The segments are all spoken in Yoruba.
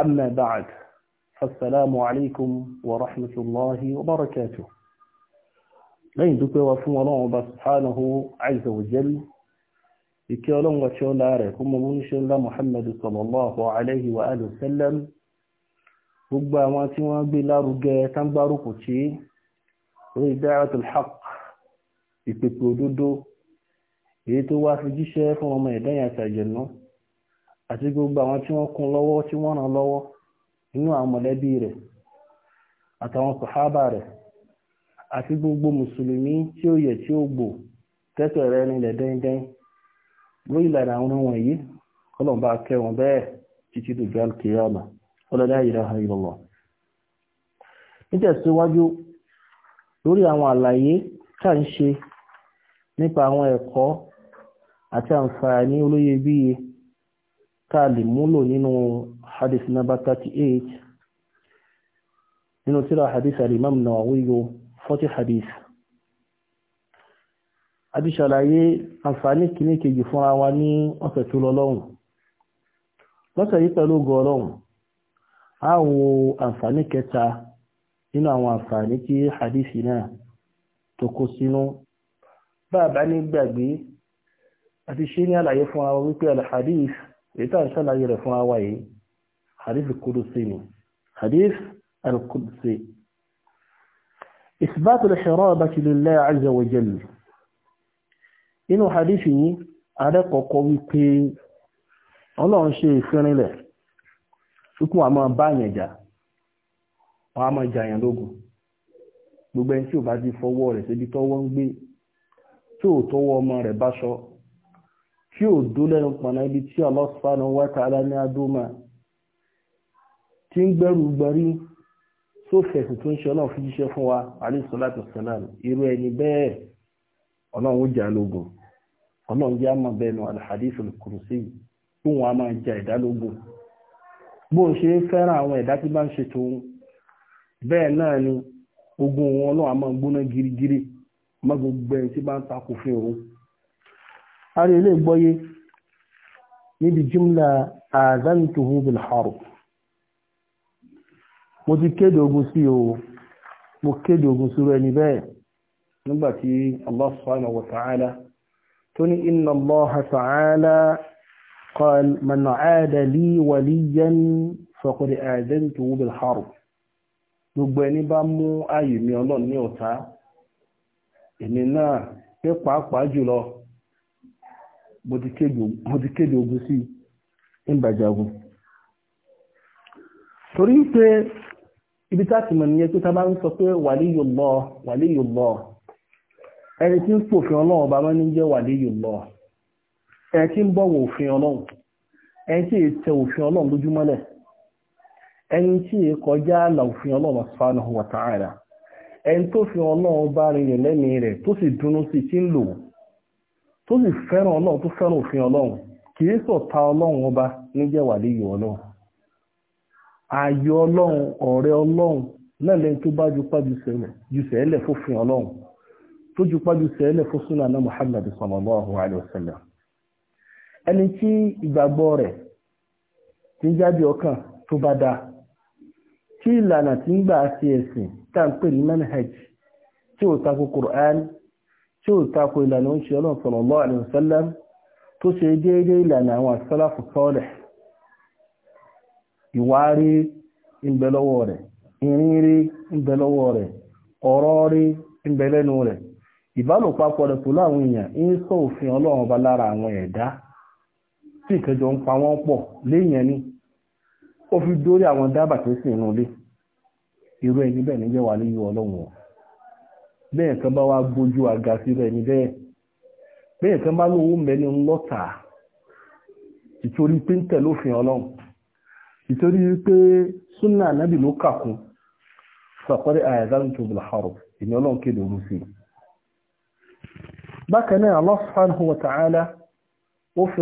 أما بعد فالسلام عليكم ورحمة الله وبركاته لين دوكي وفو الله سبحانه عز وجل ìkẹ́ ọlọ́run ọ̀ṣẹ́ ọlá rẹ̀ kó mọ oníṣẹ́ ńlá Muhammadu sallallahu alaihi wa alihi wasallam gbogbo àwọn tí wọ́n gbé lárugẹ tágbárùkù tí orí da'watul haqq ìpèpè òdodo èyí tó wá fi jíṣẹ́ fún ọmọ ẹ̀dẹ́yìn àtàjẹ̀nú àti gbogbo àwọn tí wọ́n kún lọ́wọ́ tí wọ́n ràn lọ́wọ́ nínú àwọn rẹ̀ àtàwọn sàhábà rẹ̀ àti gbogbo mùsùlùmí tí ó yẹ tí ó gbò tẹ́tọ̀ rẹ̀ nílẹ̀ dẹ́ndẹ́n lórí ìlànà àwọn ohun kẹwọn bẹ́ẹ̀ títí nípa àwọn ẹ̀kọ́ àti àǹfààní tá a lè múlò nínú hadith number thirty eight nínú tírà hadith alimam Nawawi yo forty hadith adíṣàlàyé àǹfààní kìíní kejì fúnra wa ní ọ̀sẹ̀ tó lọ lọ́hùn lọ́sẹ̀ yìí pẹ̀lú ògo Ọlọ́hun a wo àǹfààní kẹta nínú àwọn àǹfààní tí hadithi náà tó kó sínú bá bá ní gbàgbé àti ṣe ní àlàyé fúnra wípé alhadith èyí tá à ń ṣàlàyé rẹ̀ fún àwa yìí hadith kudusi ni hadith al-kudusi isbatu al-hirabati lillahi azza wa jalla inú hadith yìí adẹ́kọ̀ọ́kọ́ wípé ọlọ́run ṣe ìfẹ́rinlẹ̀ ṣùkún àmọ́ báyàn jà wọ́n a máa jàyàn lógun gbogbo ẹni tí ò bá ti fọwọ́ rẹ̀ síbi tọ́wọ́ ń gbé tí ò tọwọ́ ọmọ rẹ̀ bá ṣọ́ tí ò dó lẹ́nu pọ̀nà ibi tí Allah subhanahu ní adóma tí ń gbẹ́rù gbẹ́rí tó tó ń ṣe ọlọ́run fi jíṣẹ́ fún wa alayhi salatu irú ẹni bẹ́ẹ̀ ọlọ́run ó jà lógun ọlọ́run tó wọn a máa ja ìdálógún bó ń ṣe fẹ́ràn àwọn ẹ̀dá tí bá ni ogun wọn a máa gbóná girigiri gbogbo ẹni tí bá àrí ilé ìgbọ́yé níbi jùmlà àzántuhu bil harb mo ti kéde ogun sí o mo kéde ogun sí rẹ̀ ní bẹ́ẹ̀ nígbàtí Allah subhanahu wa ta'ala tó ní inna Allah ta'ala qal man 'ada li waliyan faqad a'zantuhu bil harb gbogbo ẹni bá mú ààyè mi ọlọ́run ní ọ̀tá èmi náà pé pàápàá jùlọ mo di kéde ogun sí ìbàjagun torí pé ibi táti mọ̀ níyẹn tó ń sọ ọlọ́run bá mọ́ jẹ́ waliyullah ẹni ń bọ̀wọ̀ òfin ọlọ́run ẹni tí tẹ òfin ọlọ́run lójúmọ́lẹ̀ ẹni kọjá àlà òfin ọlọ́run subhanahu wa ọlọ́run bá rìnrìn lẹ́mìí rẹ̀ tó sì tó sì fẹ́ràn ọlọ́run tó fẹ́ràn òfin ọlọ́run kì í ṣọ̀tá ọlọ́run ọba níjẹ́ wàlíyù ọlọ́run ààyò ọlọ́run ọ̀rẹ́ ọlọ́run náà lẹ́yìn tó bá jupá ju sẹ́lẹ̀ fófin ọlọ́run tó jupá ju sẹ́lẹ̀ fósúnà náà Muhammad sallallahu alayhi wa ẹni tí ìgbàgbọ́ rẹ̀ ti ń jáde ọkàn tó bá da. tí ìlànà tí ń gbà ṣe ẹ̀sìn tá à ń pè ní manhaj tí ò takò Qur'an tí ó tako ìlànà oúnjẹ ọlọ́run sallallahu alaihi wasallam tó ṣe déédé ìlànà àwọn àṣálàfù sọ́ọ̀lẹ̀ ìwárí iriri rẹ̀ ìrìnrí ìbẹ̀lọ́wọ́ rẹ̀ ọ̀rọ̀ rí ìbẹ̀lẹ́nu rẹ̀ ìbálòpapọ̀ rẹ̀ pẹ̀lú àwọn èèyàn ń sọ òfin ọlọ́run ọba lára àwọn ẹ̀dá tí ìkẹjọ ń pa wọ́n pọ̀ léèyàn ni ó fi dórí àwọn tó sì irú ẹni bẹ́ẹ̀ bẹ́ẹ̀ kan bá wá gbójú àga síra ẹni bẹ́ẹ̀ bẹ́ẹ̀ kan bá lówó mẹ́ni lọ́tà ìtorí pé ń tẹ̀lé òfin ọlọ́run ìtorí pé súnà ànábì ló kàkún fàkọ́rẹ́ àyàzánu tó bùlà ìní ọlọ́run kéde orú sí bákan náà Allah subhanahu wa lati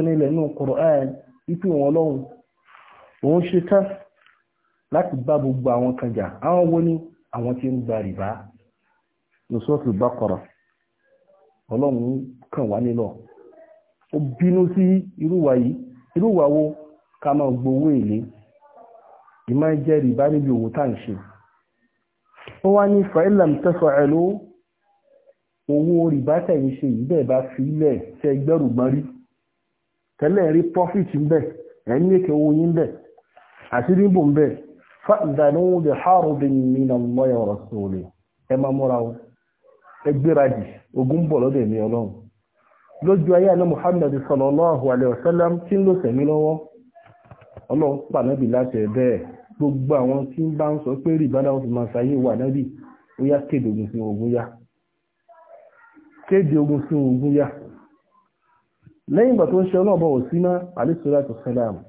ó ọlọ́run òun ṣe tán láti bá gbogbo nùsọ́ọ̀tù bákọ̀rọ̀ ọlọ́run kàn wá nílọ̀ ó bínú sí irúwà yìí irúwà wo ká máa gbowó èlé ìmá jẹ́ rìbá níbi òwò tá à ń ṣe ó wá ní fa'ilam tafa'alu owó rìbá tẹ̀yìn ṣe yìí bẹ́ẹ̀ bá fi ilẹ̀ tẹ gbẹ́rù gbọ́n tẹ́lẹ̀ rí profit ń bẹ̀ ẹ̀ ń lékè owó yín bẹ̀ àṣírí bò ń bẹ̀ fa'danu bi harbin min Allah wa rasulih ẹ máa múra o ẹgbẹ́radì ogun bọ̀ lọ́dọ̀ ẹ̀mí ọlọ́run lójú ayé àná Muhammad sallallahu alaihi wasallam tí ń lò sẹ̀mí lọ́wọ́ ọlọ́run pànábì láti ẹ̀ bẹ́ẹ̀ gbogbo àwọn tí ń bá ń sọ pé rí ìbádá wọn fi máa ṣayé wà nábì ó yá kéde ogun sí ogun yá kéde ogun sí ogun yá lẹ́yìn ìgbà tó ń ṣe ọlọ́run bọ̀ sí náà àlẹ́sọ̀rọ̀ àti sẹ́lẹ̀mù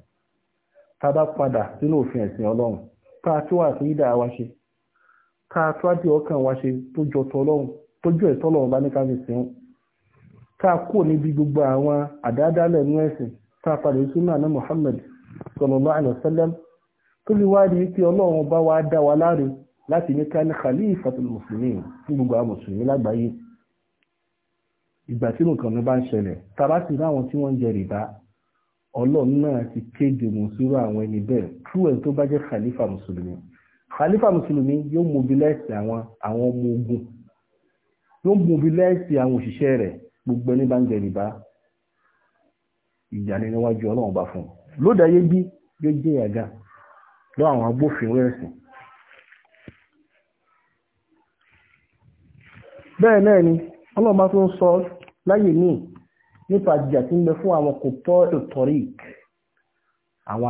tá a bá padà sínú òfin ẹ̀sìn ọlọ́run ká a tó àtúnyídà wa ṣe ká a tó àti wa ṣe tó jọ tọ́ ọlọ́run tójú ẹ̀tọ́ lọ́wọ́ bá ní ká fi sìn ká kó níbi gbogbo àwọn àdáadáalẹ̀ inú ẹ̀sìn tá a padà sínú àná Muhammad sallallahu alaihi wasallam tó fi wá di pé ọlọ́run bá wá dá wa láre láti ní ká ní khalifatul muslimin ní gbogbo àwọn mùsùlùmí lágbàáyé ìgbà tí nǹkan mi bá ń ṣẹlẹ̀ tàbá sì rí àwọn tí wọ́n ń jẹ rìbá ọlọ́run náà ti kéde mùsùlùmí àwọn ẹni bẹ́ẹ̀ trúwẹ̀ tó bá jẹ́ khalifa mùsùlùmí khalifa mùsùlùmí yóò mobilize àwọn àwọn ọmọ ogun yóò mobilize àwọn òṣìṣẹ́ rẹ̀ gbogbo ẹni bá ń jẹ rìbá ìjà níwájú ọlọ́run bá fún un lódàáyé bí yóò jẹ́ ìyàgá lọ àwọn agbófinró ẹ̀sìn bẹ́ẹ̀ náà ni ọlọ́run bá tún sọ láyè míì nípa ìjà tí ń bẹ fún àwọn kò ìtọ́rík àwọn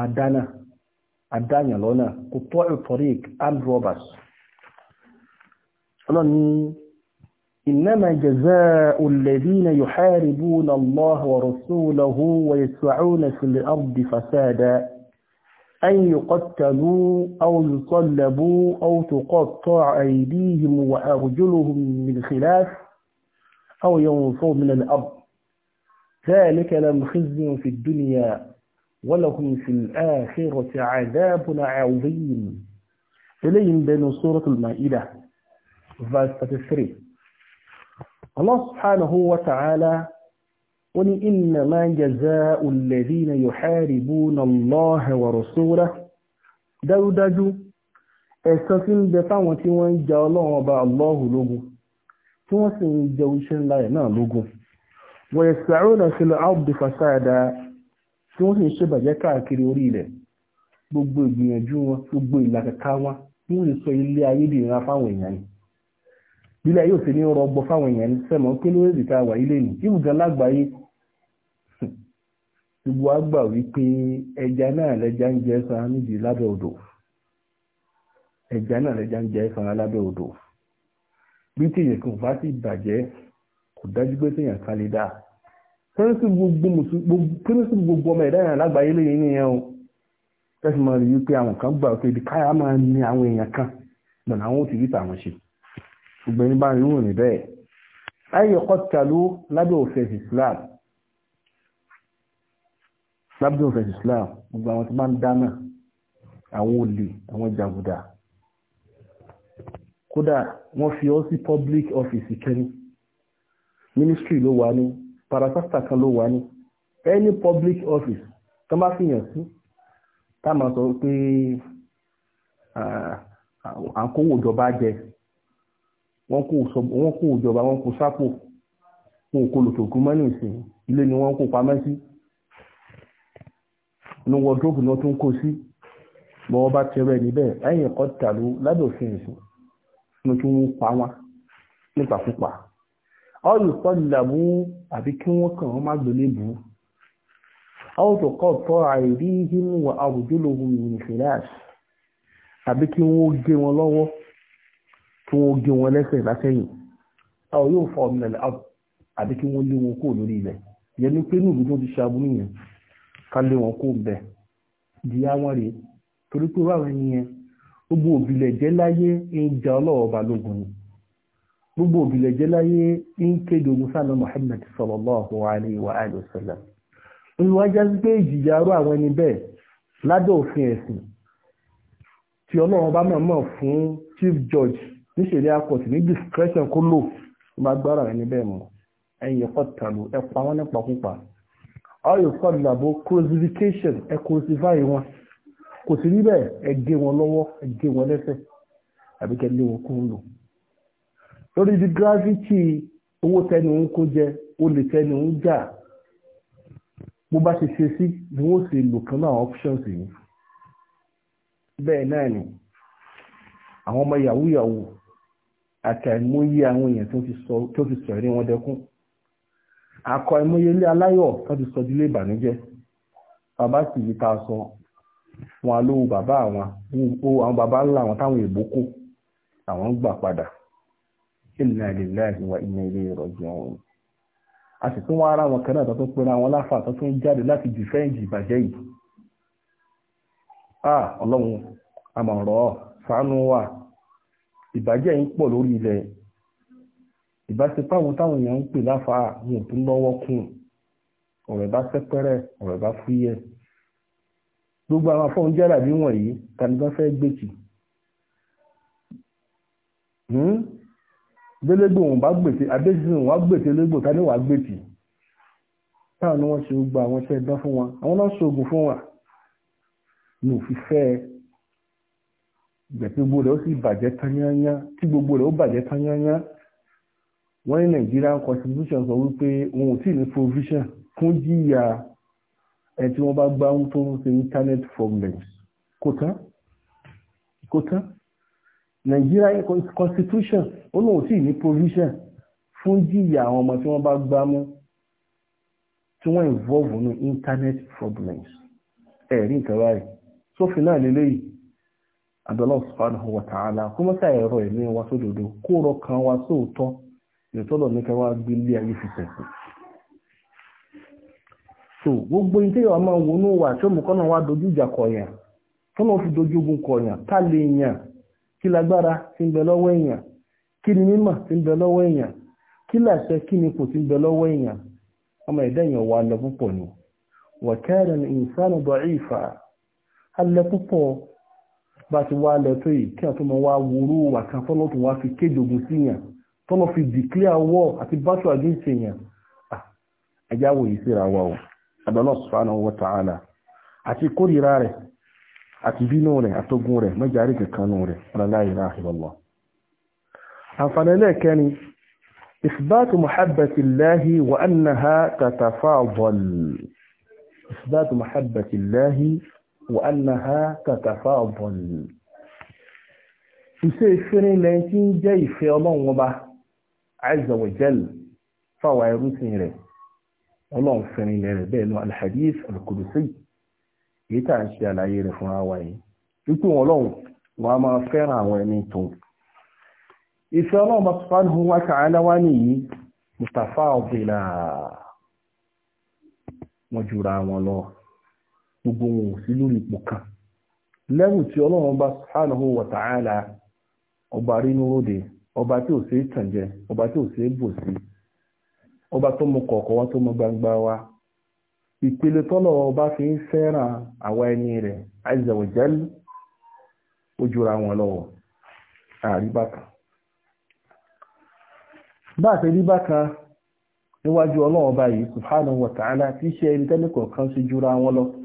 إنما جزاء الذين يحاربون الله ورسوله ويسعون في الأرض فسادا أن يقتلوا أو يصلبوا أو تقطع أيديهم وأرجلهم من خلاف أو ينفوا من الأرض ذلك لم خزي في الدنيا ولهم في الآخرة عذاب عظيم إليهم بين سورة المائدة verse 33 Allah subhanahu wa ta'ala ó ní innama jaza'u alladhina yuharibuna Allah wa rasulahu dájúdájú ẹ̀san tí ń bẹ fáwọn tí wọ́n ń ja ọlọ́run ọba Allahu lógun tí wọ́n sì ń jẹ oṣẹ́ ńlá ẹ̀ náà lógun wa yas'una fil ardi fasada tí wọ́n sì ń ṣèbàjẹ́ káàkiri orí ilẹ̀ gbogbo ìgbìyànjú wọn gbogbo ìlàkàkà wọn wọ́n lè sọ ilé ayé dìrìnra fáwọn èèyàn yìí bílẹ̀ yóò fi ní rọgbọ fáwọn èèyàn sẹ́mọ̀ pé lórí ìta wà ilé nì tí ìbùdó lágbàáyé gbogbo àgbà wípé ẹja náà lẹja ń jẹ sanra nídìí lábẹ́ odò ẹja náà lẹja ń jẹ sanra lábẹ́ odò bí tí èèyàn kan bá ti bàjẹ́ kò dájú pé téèyàn kan lè dá pẹ́rẹ́sì gbogbo ọmọ ẹ̀dá yẹn lágbàáyé lẹ́yìn nìyẹn o tẹ́sí mọ́ rí wípé àwọn kan gbà pé ibi káyà máa ní àwọn èèyàn kan lọ́nà àwọn ò ti rí tàwọn ṣe ṣùgbọ́n ní bá ń rúrùn bẹ́ẹ̀ ayé kọ́tàlú lábẹ́ òfin Islam lábẹ́ òfin Islam gbogbo àwọn tí máa ń dáná àwọn olè àwọn jàgùdà kódà wọ́n fi ọ́ sí public office kẹ́ni ministry ló wà ní parasasta kan ló wà ní any public office tó bá fìyàn sí tá a máa sọ pé àkówó ìjọba jẹ wọ́n kó ìjọba wọ́n kó sápò wọn ò kó ìsìn ilé ni wọ́n kó pamẹ́ sí inú wọ́dróòpù náà tún kó sí bọ́ ọba tẹ̀rẹ̀ níbẹ̀ ẹ̀yìn ẹ̀kọ́ tàlú lábẹ́ òfin ìsìn ní kí wọ́n pa wọn nípakúpa ọ̀rọ̀ ìpọ́nlẹ̀mú àbí kí wọ́n kàn wọ́n má gbélébùú ọ̀tọ̀ kọ́ tọ́ àìrí ìhínú àwùjọ́lòhùn ìrìnfìlẹ́ àbí kí wọ́n gé wọn lọ́wọ́ kí wọ́n gé wọn lẹ́sẹ̀ lásẹ̀yìn àwọn yóò fa ọmọ ilẹ̀ àbí kí wọ́n lé wọn kó lórí ilẹ̀ yẹn ní pé ní ìlú tó ti ṣàbù nìyẹn ká lé wọn kó bẹ̀ di àwọn rèé torí pé wàá rẹ̀ yẹn gbogbo òbílẹ̀ jẹ́ láyé ń ja ọlọ́wọ́ balógun ni gbogbo òbílẹ̀ jẹ́ láyé ń kéde ogun sáà náà sallallahu alayhi wa alihi wa sallam olùwájá sí pé ìjìyà arú àwọn ẹni bẹ́ẹ̀ lábẹ́ òfin ẹ̀sìn tí ọlọ́run bá mọ̀ mọ̀ fún chief judge níṣẹ̀lẹ̀ akọ̀ sí ní discretion kó lò tó bá gbára rẹ̀ níbẹ̀ mọ́ ẹ̀yìn ẹ̀kọ́ tàlù ẹ̀pà wọn nípa púpà ọ̀yọ̀ kọ́ ìlàbó crucifixion ẹ̀ crucify wọn kò sí níbẹ̀ ẹ̀ gé wọn lọ́wọ́ ẹ̀ gé wọn lẹ́sẹ̀ àbí kẹ́ lé wọn kó lò. lórí ibi gravity owó tẹnu ń kó jẹ olè tẹnu ń jà bó bá ṣe ṣe sí ni wọ́n sì lò kan náà options yìí bẹ́ẹ̀ náà ni àwọn ọmọ yahoo yahoo àtàìmọye àwọn èèyàn tó fi sọ ẹ̀rí wọn dẹkún akọ ìmọye ilé aláyọ̀ tó fi sọ dílé ìbànújẹ́ bàbá sì yí ta sọ wọn lówó bàbá àwọn àwọn bàbá ńlá àwọn táwọn èèbó kó àwọn gbà padà inna lillahi wa inna ilayhi a sì tún wá ara wọn kan pera wọn láfà tó tún jáde láti yìí ah, wa ìbàjẹ́ yìí pọ̀ lórí ilẹ̀ ìbáṣepáwọn táwọn èèyàn ń pè láfa wọn tó lọ́wọ́ kún ọ̀rọ̀ bá sẹ́pẹ́rẹ́ ọ̀rọ̀ bá fúyẹ́ gbogbo àwọn afọ́n jẹ́rà bí wọ̀nyí tanigan fẹ́ gbèkì délégbò hmm? òun bá gbèsè abéjì òun wá gbèsè légbò tani wàá gbèkì táwọn ni wọ́n ṣe gba àwọn iṣẹ́ dán fún wọn àwọn náà ṣoògùn fún wa ní òfìfẹ́ ìgbà tí gbogbo rẹ̀ ó sì bàjẹ́ tán yányán tí gbogbo rẹ̀ ó bàjẹ́ tán wọ́n ní Nigerian constitution sọ wípé wọn ò tí ì ní provision fún jìyà ẹ tí wọ́n bá gbá tó ń ṣe internet problems kò tán kò tán Nigerian constitution ó lóun ò tí ì ní provision fún jìyà àwọn ọmọ tí wọ́n bá gbá mú tí wọ́n involve nínú internet problems ẹ̀rí nǹkan báyìí sófin náà lélẹ́yìí àdọ́lọ́ subhanahu wa ta'ala kó mọ́sá ẹ̀rọ ẹ̀mí wa sódòdó kó rọ kan wa sóòótọ́ ìrètọ́lọ̀ ní kẹwàá gbé ilé ayé fi sẹ̀kù so gbogbo ní tẹ́yọ̀ máa wọnú wà tí ó mú kọ́nà wá dojú ìjà kọ̀yàn tọ́nà fi dojú ogun kọ̀yàn tá lè yàn kí lágbára ti ń bẹ lọ́wọ́ èèyàn kí ni mímọ̀ ti ń bẹ lọ́wọ́ èèyàn kí làṣẹ kí ni kò ti ń bẹ lọ́wọ́ èèyàn ọmọ ẹ̀dá èèyàn wà lọ púpọ̀ ni wa kana al-insanu da'ifa alẹ́ púpọ̀ bá ti wá lọ tó yìí kí a tó mọ wá wúrú wà kan tọ́lọ́ tó wá fi kéde ogun sí yàn tọ́lọ́ fi declare war àti battle against yàn ah, ẹjá yìí síra wa o Allah subhanahu wa ta'ala àti kórìíra rẹ̀ àti bínú rẹ̀ àtógún rẹ̀ mẹ́jàrí kankanú rẹ̀ la ilaha illallah وأنها تتفاضل iṣẹ́ ìfẹ́rẹ́ ilẹ̀ tí ń jẹ́ ìfẹ́ ọlọ́run ọba azza wa jal fáwọn ẹrúsìn rẹ̀ ọlọ́run fẹ́rẹ́ ilẹ̀ rẹ̀ bẹ́ẹ̀ lọ alhadith alkudusi èyí tà ń ṣe àlàyé rẹ̀ fún àwa yìí wípé ọlọ́run wọn a máa fẹ́ràn àwọn ẹni tó ìfẹ́ ọlọ́run bá subhanahu wa ta'ala wá nìyí mustapha ọ̀bìlà wọn jura wọn lọ gbogbo wọn ò sí lórí ipò kan tí ọlọ́run ọba ọba rínú ọba tí ò sí ọba tí ò sí bò sí ọba tó mọ wa tó mọ gbangba wa ìpele tọ́lọ̀ ọba fi ń fẹ́ràn àwa ẹni rẹ̀ azza ojúra wọn lọ́wọ́ bá níwájú ọlọ́run ọba yìí subhanahu wa ta'ala ẹni jura wọn lọ́wọ́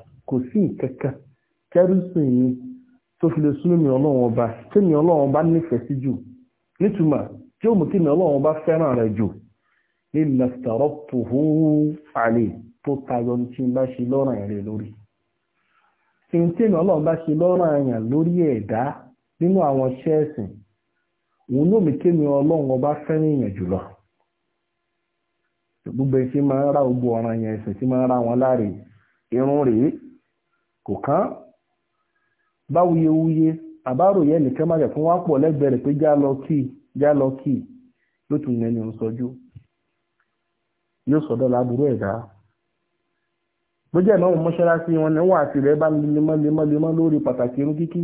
kò sí ìkẹ́kẹ́ kẹ́rùsùn yìí tó fi lè súnmí ọlọ́run ọba tẹ́mi ọlọ́run ọba nífẹ̀ẹ́ sí jù nítumà tí ó mú kí mi ọlọ́run ọba fẹ́ràn rẹ̀ jù ní mẹ́tàrọ́ tòhú àlè tó tayọ ní tí n bá ṣe lọ́ràn rẹ̀ lórí tí n tẹ́mi ọlọ́run bá ṣe lọ́ràn yàn lórí ẹ̀dá nínú àwọn ṣẹ́ẹ̀sìn òun ló mi kémi ọlọ́run ọba fẹ́ràn yàn jùlọ gbogbo ẹ̀ tí máa ń ra gbogbo ọ̀ràn yẹn ẹ̀sìn tí máa ń ra wọn láre irun rèé kò kán bá wuyewuye àbáròyé nìkan má jẹ́ fún wá pọ̀ lẹ́gbẹ̀ẹ́ rẹ̀ pé já lọ kí já lọ kí ló tún ní ẹni òun sọjú yóò sọ̀dọ̀ láburú ẹ̀dá gbọ́jẹ́ náà mọ́ṣáláṣí wọn níwọ̀n àti rẹ̀ bá lemọ́ lemọ́ lemọ́ lórí pàtàkì irun kíkí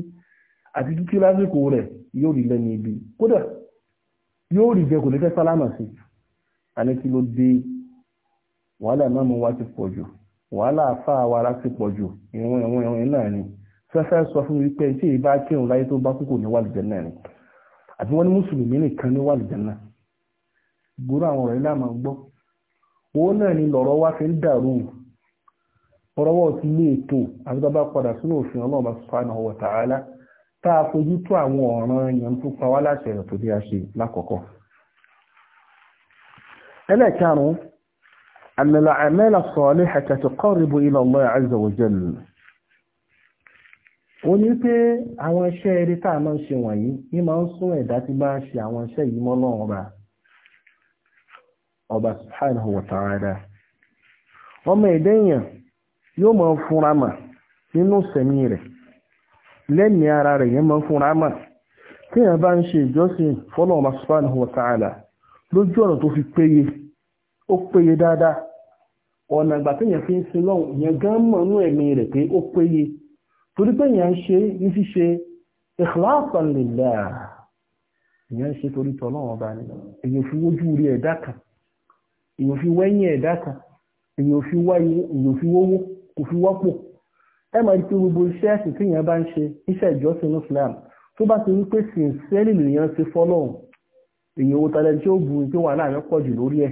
àti kíkí lásìkò rẹ̀ yóò rí lẹ́nu ibi kódà yóò rí jẹ kò ní fẹ́ sálámà sí àní kí ló dé wàhálà náà mo wá ti pọ̀ jù wàhálà àfa àwara ti pọ̀ jù ìwọ̀n ìwọ̀n ìwọ̀n náà ni fẹ́fẹ́ sọ fún mi pé tí èyí bá kírun láyé tó bá kúkò ní wàlìjẹ́ náà ni àti wọ́n ní mùsùlùmí nìkan ní wàlìjẹ́ náà gbúrú àwọn ọ̀rọ̀ ilé àmà gbọ́ owó náà ni lọ̀rọ̀ wá fi ń dàrú ọ̀rọ̀wọ́ ti lé ètò àbúdá bá padà sínú òfin ọlọ́ọ̀bá subhanahu wa ta'ala tá a fojú tó àwọn ọ̀ràn yẹn tó pa wá láṣẹ rẹ̀ tó bí a ṣe lákọ̀ọ́kọ́ ẹlẹ́ẹ̀karùn-ún أن الأعمال الصالحة تقرب إلى الله عز وجل ó ní àwọn iṣẹ́ eré tá máa ń ṣe wọ̀nyí ní máa ń sún ẹ̀dá tí bá ṣe àwọn iṣẹ́ yìí mọ́ ọba ọba subhanahu wa ọmọ ẹ̀dá yóò máa fúnra mà nínú sẹ̀mí rẹ̀ lẹ́mìí ara rẹ̀ yẹn máa fúnra mà tí bá ń ọ̀nà ìgbà téèyàn fi ń sin lọ́hùn ìyẹn gan mọ̀ nú ẹ̀mí rẹ̀ pé ó péye torí pé ìyẹn ṣe ní ṣíṣe ikhlasan ni èyàn fi wójú rí ẹ̀dá kan èyàn fi wẹ́yìn ẹ̀dá kan èyàn fi wá èyàn fi wówó kò fi wọ́pọ̀ ẹ máa ti gbogbo iṣẹ́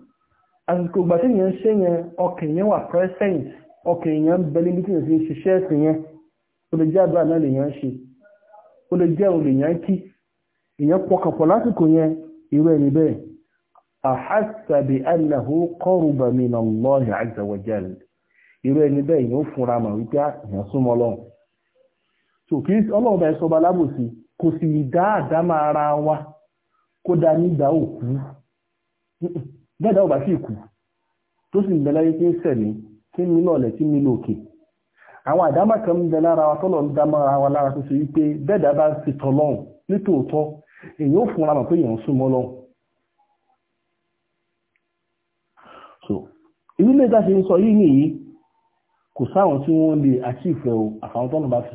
àsìkò ìgbà tí èèyàn ń ṣe yẹn ọkàn èèyàn wà present ọkàn èèyàn ń bẹ níbi tí èèyàn ti ń ṣiṣẹ́ ẹ̀sìn yẹn ó lè jẹ́ àdúrà náà lèèyàn ń ṣe ó lè jẹ́ òun lèèyàn kí èèyàn pọkàn lásìkò yẹn irú ẹni bẹ́ẹ̀ àhásàbí annahu qurba min Allah azza wa jal ẹni bẹ́ẹ̀ yóò fúnra mọ̀ wípé ah, èèyàn súnmọ́ ọlọ́run bẹ́ẹ̀dá ọba sí ìkù tó sì ń bẹ láyé ń sẹ̀mí kí ń mi lọ́ọ̀lẹ̀ kí mi àwọn àdámà kan ń bẹ lára wa tọ́lọ̀ ń dá ara wa lára tó sì wí pé bẹ́ẹ̀dá bá ti tọ́lọ́hùn nítòótọ́ èyí ó fúnra mọ̀ pé èèyàn ń súnmọ́ lọ́hùn so ìlú yìí nìyí kò sáwọn tí o àfàwọn bá fi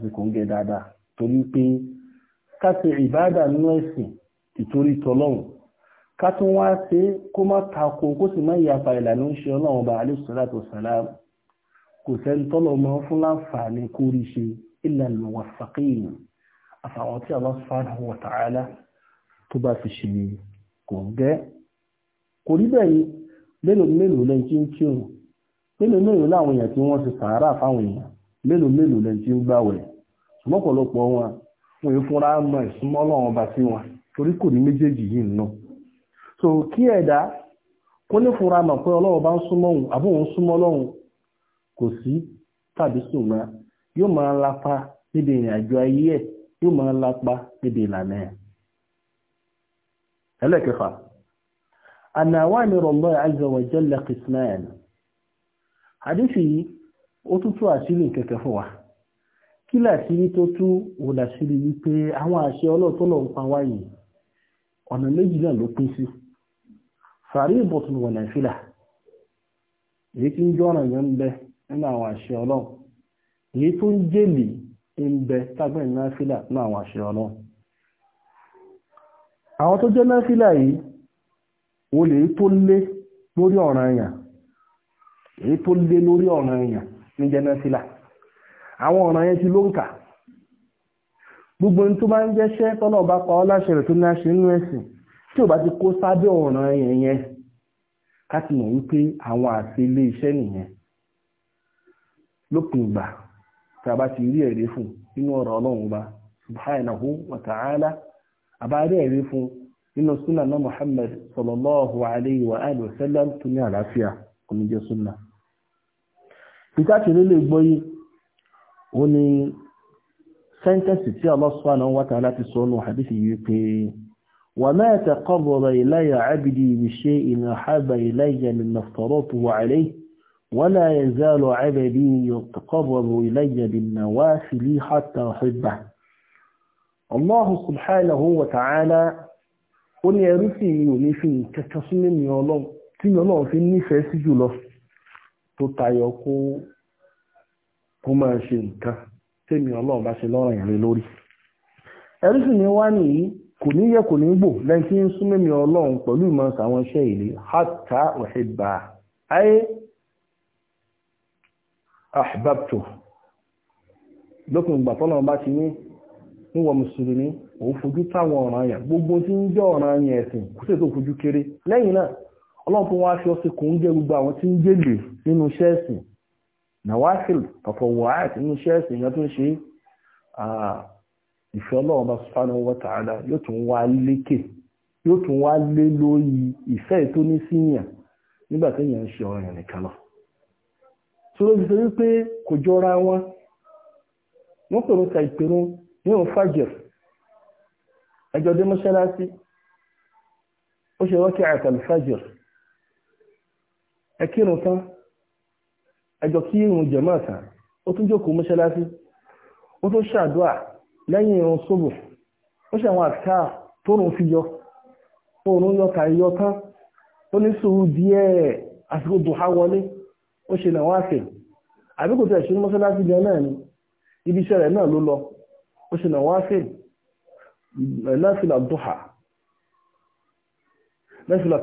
torí pé ká nínú ká tún wá ṣe kó má tako kó sì má ìyapa ìlànà ìṣe ọlọ́run ọba aleṣọ́láàtò sàlám kò sẹ́ńtọ́lọ̀ mọ́ fún láǹfààní kó rí ṣe illa muwaffaqin àfàwọn tí Allah subhanahu wa ta'ala tó bá fi ṣe kò gẹ́ kò rí bẹ́ẹ̀ mélòó mélòó lẹ́yìn tí ń kírun mélòó mélòó láwọn èèyàn tí wọ́n ti sàárà fáwọn èèyàn mélòó mélòó lẹ́yìn tí ń gbàwẹ̀ ṣùgbọ́n ọ̀pọ̀lọpọ̀ wọn wọn yóò fúnra mọ ìsúnmọ́ Ọlọ́run ọba sí wọn torí kò ní méjèèjì yìí nù so kí ẹ̀dá kó ní fúnra mọ̀ pé ọlọ́run bá ń súnmọ́ òun àbí òun súnmọ́ ọlọ́run kò sí tàbí sùnmọ́ yóò máa lapa níbi ìrìn àjò ayé ẹ̀ yóò máa lapa níbi ìlànà ẹ̀. ẹlẹ́kẹfà àna awamir Allah azza wa jalla yìí ó àṣírí kẹ̀kẹ́ fún wa kí tó wípé àwọn fàríbọ̀tún wọ̀nà ìfìlà èyí tí ń jọ́nà yẹn ń bẹ nínú àwọn àṣẹ ọlọ́run èyí tó ń jèlì ń bẹ tàbí náfìlà nínú àwọn àṣẹ ọlọ́run àwọn tó jẹ́ yìí o lè tó lé lórí ọ̀ràn èèyàn èyí tó lé lórí ọ̀ràn èèyàn ní jẹ́ náfìlà àwọn ọ̀ràn yẹn ti ló ń gbogbo ní tó bá ń jẹ́ṣẹ́ tọ́lọ̀ bá pa ọ́ láṣẹ rẹ̀ tó ní tí ò bá ti kó sábẹ́ ọ̀ràn yẹn yẹn ká mọ̀ wípé àwọn àṣẹ ilé iṣẹ́ nìyẹn lópin ìgbà tí a bá ti rí ẹ̀rí fún nínú ọ̀rọ̀ ọlọ́run bá subhanahu wa ta'ala a bá rí ẹ̀rí fún nínú súnà náà muhammad sallallahu alayhi wa alihi wa sallam tó ní àlàáfíà kò ní jẹ́ súnà ìtàkìrí lè gbọ́yí ó ní sẹ́ńtẹ́sì tí Allah subhanahu pé وما تقرب إلي عبدي بشيء أحب إلي مما افترضته عليه ولا يزال عبدي يتقرب إلي بالنوافل حتى أحبه الله سبحانه وتعالى قل يرثني ونفن كتصمم يولو تين الله في النفس جلس تطعيقو كماشنك تين الله باشي لورا يعني لوري أرثني واني kò ní yẹ kò ní gbò lẹ́yìn tí ń súnmọ́ mi ọlọ́run pẹ̀lú ìmọ̀ àwọn iṣẹ́ ìlé hátà òhìbà ayé ahbabtu lókun ìgbà tọ́lọ̀ bá ti ní níwọ̀ mùsùlùmí òun fojú táwọn ọ̀ràn gbogbo tí ń jẹ́ ọ̀ràn yẹn ẹ̀sìn kò sì tó fojú kéré lẹ́yìn náà ọlọ́run fi ọsẹ kò ń gbogbo àwọn tí ń ìfẹ́ ọlọ́run bá subhanahu wa ta'ala yóò tún wá lékè yóò tún wá lé lórí ìfẹ́ tó ní síyàn nígbà téèyàn ń ṣe ọ̀ràn nìkan lọ. sọ́dọ̀ ti sọ wípé kò jọra wọn wọ́n pèrò ta ìpinnu nínú fàjẹ̀r ẹjọ́ dé mọ́ṣáláṣí ó ṣe wọ́n kí àtàlù fàjẹ̀r ẹ kírun tán ẹjọ́ kí irun lẹ́yìn irun sóbò ó ṣe àwọn àtìká tóòrùn fi yọ tóòrùn yọ tàí yọ tán ó ní sùúrù díẹ̀ àsìkò dùhá wọlé ó ṣe làwọn àṣẹ àbí kò gan náà ni ibi iṣẹ́ náà ló lọ ó ṣe làwọn àṣẹ nafila dùhá nafila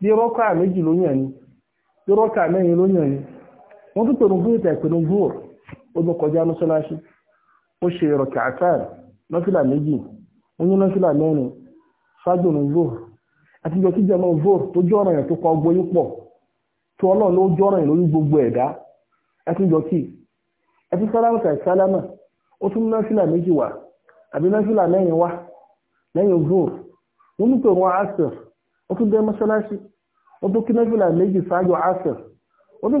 bí rọ́kà méjì ló yàn ni bí rọ́kà ló yàn ni wọ́n tún ó lọ kọjá ó ṣe ìrọ̀kẹ̀ àtàr nọ́fìlà méjì ó ní nọ́fìlà mẹ́rin ṣáájú ní vóòr àti ìjọ kíjọ náà vóòr tó jọ ọ̀ràn yẹn tó pa ọgbọ́ yín pọ̀ tó ọlọ́run ló gbogbo ẹ̀dá àti ìjọ kí ẹtí sálámù tàì sálámù ó tún nọ́fìlà méjì wá àbí nọ́fìlà mẹ́rin wá lẹ́yìn wọ́n ní àṣẹr ó tún dé mọ́ṣáláṣí ó tún kí méjì ṣáájú àṣẹr ó tún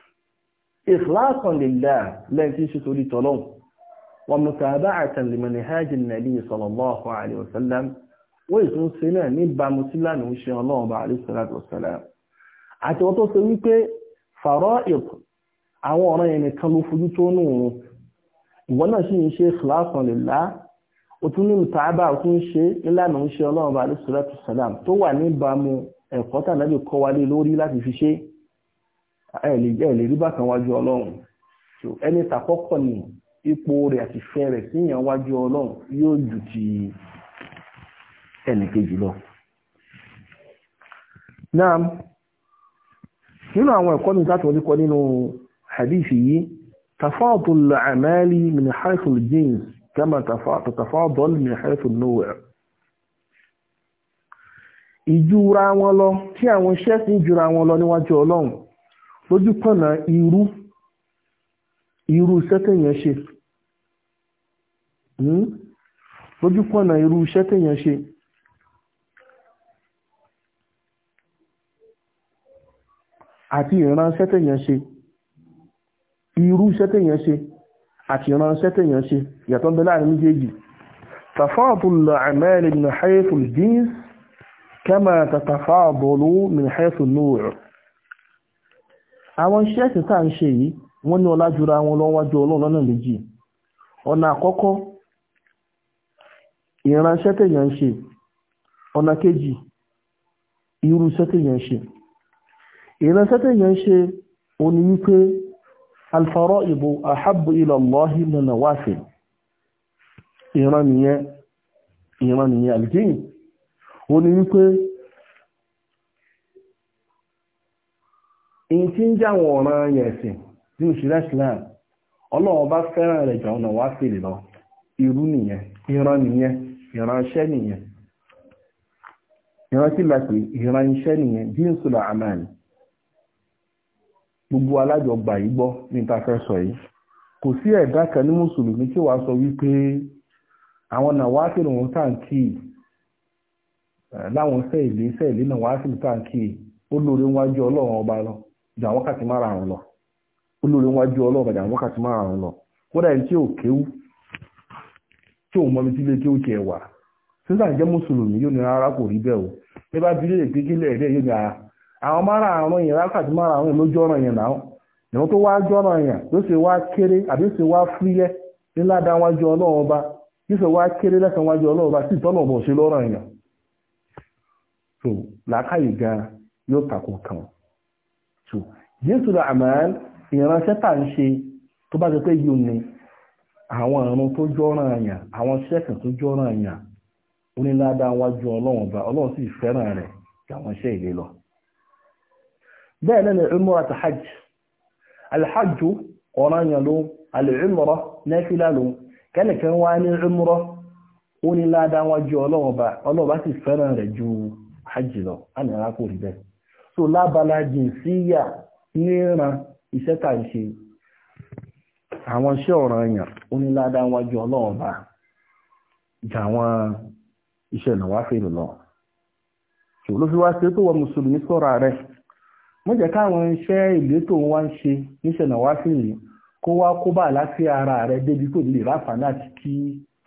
ikhlasan lillah lẹ́yìn tí ń ṣe torí tọ́lọ́hùn wa mutaba'atan li manhaji an-nabi sallallahu alayhi wa sallam wọ́n ìtún ṣe náà níbàámu sí lánàá ń ṣe ọlọ́run bá alayhi salatu wa sallam àti wọ́n tó ṣe wípé fara'id àwọn ọ̀ràn yẹn nìkan ló fojú tó nù òun náà ní mùtàbà ó ṣe nílànà ń ẹ̀lẹ́jẹ́ ẹ̀lẹ́ rí bákan wájú ọlọ́run so ẹni tàkọ́kọ́ ni ipò rẹ̀ àti fẹ́ rẹ̀ síyàn wájú ọlọ́run yóò jù ti ẹnì kejì lọ. náà nínú àwọn ẹ̀kọ́ mi láti oníkọ nínú hadith yìí tafadul amali min haythul jins kama tafadul min haythul naw' ìjura wọn lọ tí àwọn iṣẹ́ sì ń jura wọn lọ níwájú ọlọ́run lójú pọ̀nà irú irú iṣẹ́ tẹ̀yàn ṣe hmm? lójú pọ̀nà irú iṣẹ́ tẹ̀yàn ṣe àti ìránṣẹ́ tẹ̀yàn ṣe irú iṣẹ́ tẹ̀yàn ṣe àti ìránṣẹ́ tẹ̀yàn ṣe yàtọ̀ ń bẹ láàrin méjèèjì تفاضل الأعمال من حيث الجنس كما تتفاضل من حيث النوع àwọn iṣẹ́ ẹ̀sìn tá à ń ṣe yìí wọ́n ní ọlá jura wọn lọ́wọ́jú ọlọ́run lọ́nà méjì ọ̀nà àkọ́kọ́ ìránṣẹ́ tèèyàn ń ṣe ọ̀nà kejì irú iṣẹ́ tèèyàn ń ṣe ìránṣẹ́ tèèyàn ń ṣe òní wípé al-fara'idu ahabbu ila Allahi min nawafil ìran nìyẹn ìran nìyẹn àlùjẹ́yìn òní wípé èyí tí ń ọrụ ahụ yẹn ẹ̀sìn tí mo ṣílẹ̀ islam ọlọ́run bá fẹ́ràn rẹ̀ ọ̀nà lọ irú nìyẹn ìran nìyẹn ìránṣẹ́ nìyẹn ìrántí ìránṣẹ́ nìyẹn àmàlì gbogbo alájọgbà yìí gbọ́ ní sọ yìí kò sí ẹ̀dá kan ní mùsùlùmí tí wàá sọ wípé àwọn láwọn sẹ́ẹ̀lì sẹ́ẹ̀lì ó lóore wájú ọlọ́run ọba lọ ju àwọn wákàtí márààrún lọ olórí wájú ọlọ́ọ̀bà ju àwọn wákàtí márààrún lọ kódà ẹni tí ò kéwú tí òun mọbi tí ilé kéwú tiẹ̀ wà sísà jẹ́ mùsùlùmí yóò ní rárá kò rí bẹ́ẹ̀ o bí bá bí lè pé kílẹ̀ rẹ̀ yóò ní ara àwọn yẹn wákàtí yẹn yẹn náà ìwọ́n tó wá yẹn ṣe wá kéré àbí ṣe wá níládàá wájú bá yíṣẹ́ wá kéré lẹ́sàn so jésù àmàl ìránṣẹ́ tà ń ṣe tó bá ti pé yìí ni àwọn àrùn tó jọ́ràn àyàn àwọn ṣẹ́kàn tó jọ́ràn àyàn onílàdá wájú ọlọ́run bá ọlọ́run sì fẹ́ràn rẹ̀ jàwọn ṣẹ́ ìlé lọ bẹ́ẹ̀ náà ni umrah àti hajj alhajj ọ̀ràn àyàn ló alìrìmọ̀rọ̀ nẹ́fílà ló kẹ́nìkan wá ní umrah onílàdá wájú ọlọ́run ọlọ́run ju hajj lọ á kò rí so lábala jìnsíyà níran iṣẹ́ tà ń ṣe àwọn iṣẹ́ ọ̀ràn èèyàn ó ní ládá ọlọ́run bá jà iṣẹ́ lọ ṣò ló fi wá sí tó wọ mùsùlùmí sọ́ra rẹ̀ wọ́n jẹ́ káwọn iṣẹ́ ìlú tó ń ara débi lè àti kí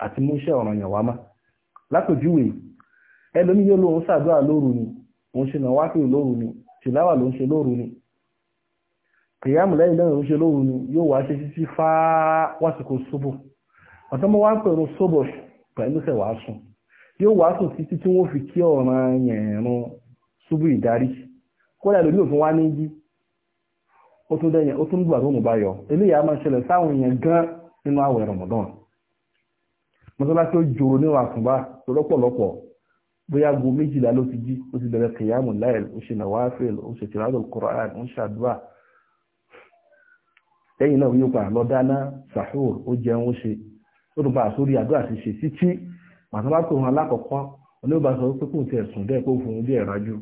àti mú iṣẹ́ ọ̀ràn èèyàn wá mọ́ lápèjúwe lòun ni òun ṣe ni tìláwà ló ń ṣe lóru ni kìyàmù lẹ́yìn lẹ́yìn ló ń ṣe lóru ni yóò wá ṣe títí fá wásìkò ṣubú ọ̀tọ́ mọ́ wá ń pẹ̀rún ṣubú pẹ̀lú sẹ̀ wá sùn yóò wá sùn títí tí wọ́n fi kí ọ̀ràn yẹ̀rùn ṣubú ìdarí kódà lórí òfin wá ní jí ó tún dẹ́yìn ó tún gbà tó mú bá yọ eléyà máa ṣẹlẹ̀ sáwọn èèyàn gan nínú àwẹ̀ Ramadan mọ́tọ́lá tí jòrò nínú àkùnbá lọ́pọ̀lọpọ̀ bóyá aago méjìlá ló ti jí ó ti bẹ̀rẹ̀ kìyàmù láìl ó ṣe nàwáfíìl ó ṣe tìrádọ̀ kùrán ó ṣàdúrà lẹ́yìn náà yóò padà lọ dáná sàhúr ó jẹun ó ṣe ó tún padà sórí àdúrà ti ṣe títí màtọ́lá tó wọn alákọ̀ọ́kọ́ onígbà sọ pé kò tẹ̀ sùn dẹ́ kó fún un bí ẹ̀rájú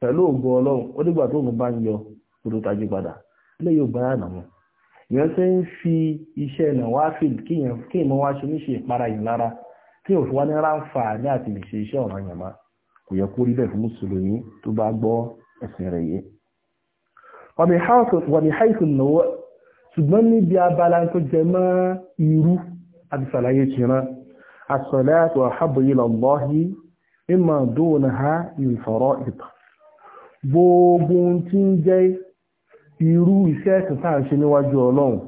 pẹ̀lú ògo ọlọ́run onígbà tó òun bá ń yọ kó tó tají padà ilé yóò bá tí òfin wá ní ráǹfààní àti lè ṣe iṣẹ́ ọ̀ràn yàmá kò yẹ kó rí bẹ́ẹ̀ fún mùsùlùmí tó bá gbọ́ ẹ̀sìn rẹ̀ yé wàmí haifu náwó ṣùgbọ́n níbi abala tó jẹ mọ́ irú àti sàlàyé ṣìran as-salatu ahabbu ila Allahi mimma dunaha min fara'id gbogbo tí ń jẹ́ irú iṣẹ́ ẹ̀sìn táà ń ṣe níwájú ọlọ́run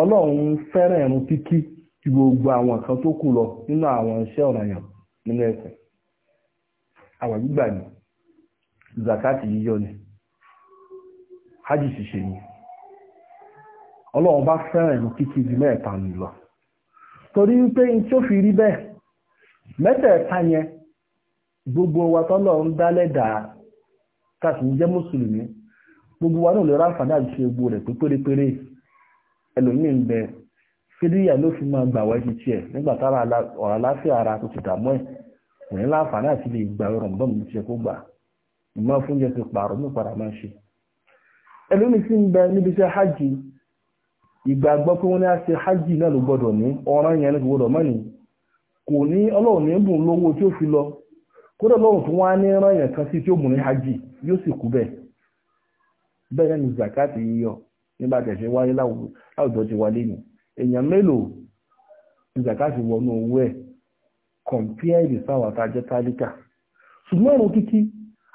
ọlọ́run fẹ́ràn ẹ̀rùn kíkí Igbo gbogbo àwọn nǹkan tó kù lọ nínú àwọn iṣẹ́ ọ̀ranyàn nínú ẹ̀sìn àwẹ̀ zakati yíyọ ni hajj ṣiṣẹ́ ni ọlọ́run bá fẹ́ràn ìlú kíkí ju mẹ́ẹ̀ta nù lọ torí wípé n tí ó fi rí bẹ́ẹ̀ mẹ́tẹ̀ẹ̀ta yẹn gbogbo wa tọ́lọ̀ ń dálẹ́dà káàsì ń jẹ́ mùsùlùmí gbogbo wa náà lè ráǹfààní àti ṣe gbogbo rẹ̀ pé pérépéré ẹlòmíín bẹ́ẹ̀ fídíyà ló fi máa gbàwọ́ ẹni tiẹ̀ nígbà tára ọ̀rọ̀ aláfíà ara tó ti dààmú ẹ̀ kò ní láǹfààní àti lè gbà ọ̀rọ̀ mi tiẹ̀ kó gbà ìmọ̀ fúnjẹ ti pààrọ̀ ní padà máa ṣe. ẹlòmíì sì ń bẹ níbi iṣẹ́ hajj ìgbàgbọ́ pé wọ́n ní hajj náà ló gbọ́dọ̀ ní yẹn ló gbọ́dọ̀ mọ́ni kò ní ọlọ́run lówó tí èèyàn mélòó ní zakati wọnú owó ẹ̀ kọ̀mpíẹ́lì sáwà tá a jẹ́ tálíkà ṣùgbọ́n ọ̀rọ̀ kíkí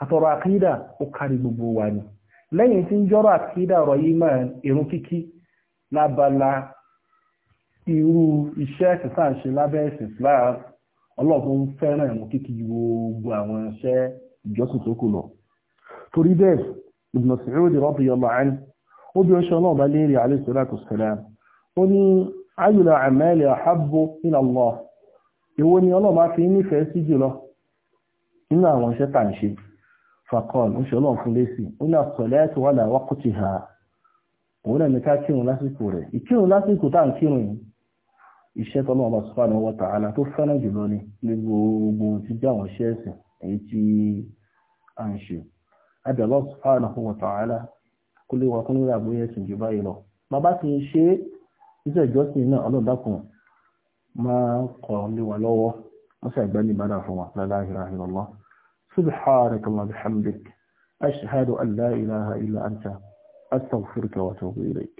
àtọ̀rọ̀ àkídà ó kárí gbogbo wa ni lẹ́yìn tí ń jọ́rọ̀ àkídà ọ̀rọ̀ yìí máa irun kíkí lábala irú iṣẹ́ ẹ̀sìn sáàṣe lábẹ́ ẹ̀sìn Islam ọlọ́run fẹ́ràn ìrun kíkí gbogbo àwọn iṣẹ́ ìjọsìn tó kù lọ torí bẹ́ẹ̀ Ibn Mas'ud radiyallahu anhu ó bí ó ní ayùlọ àmẹ́lẹ̀ àhábò ila Allah ni ọlọ́run bá fi nífẹ̀ẹ́ sí jùlọ nínú àwọn iṣẹ́ tà ń ṣe fakọ́n ó ṣe ọlọ́run fún lẹ́sì ó ní àpẹẹlẹ́ tó wà láwá kó ti hà òun náà ní ká kírun lásìkò rẹ̀ ìkírun lásìkò ń kírun ta'ala tó iṣẹ́ ìjọsìn náà ọlọ́dàkùn máa kọ̀ lé wa lọ́wọ́ wọ́n sì àgbá ní ìbádà fún wa la ilaha illallah subhanaka wa bihamdik ashhadu an la ilaha illa anta astaghfiruka wa atubu ilayk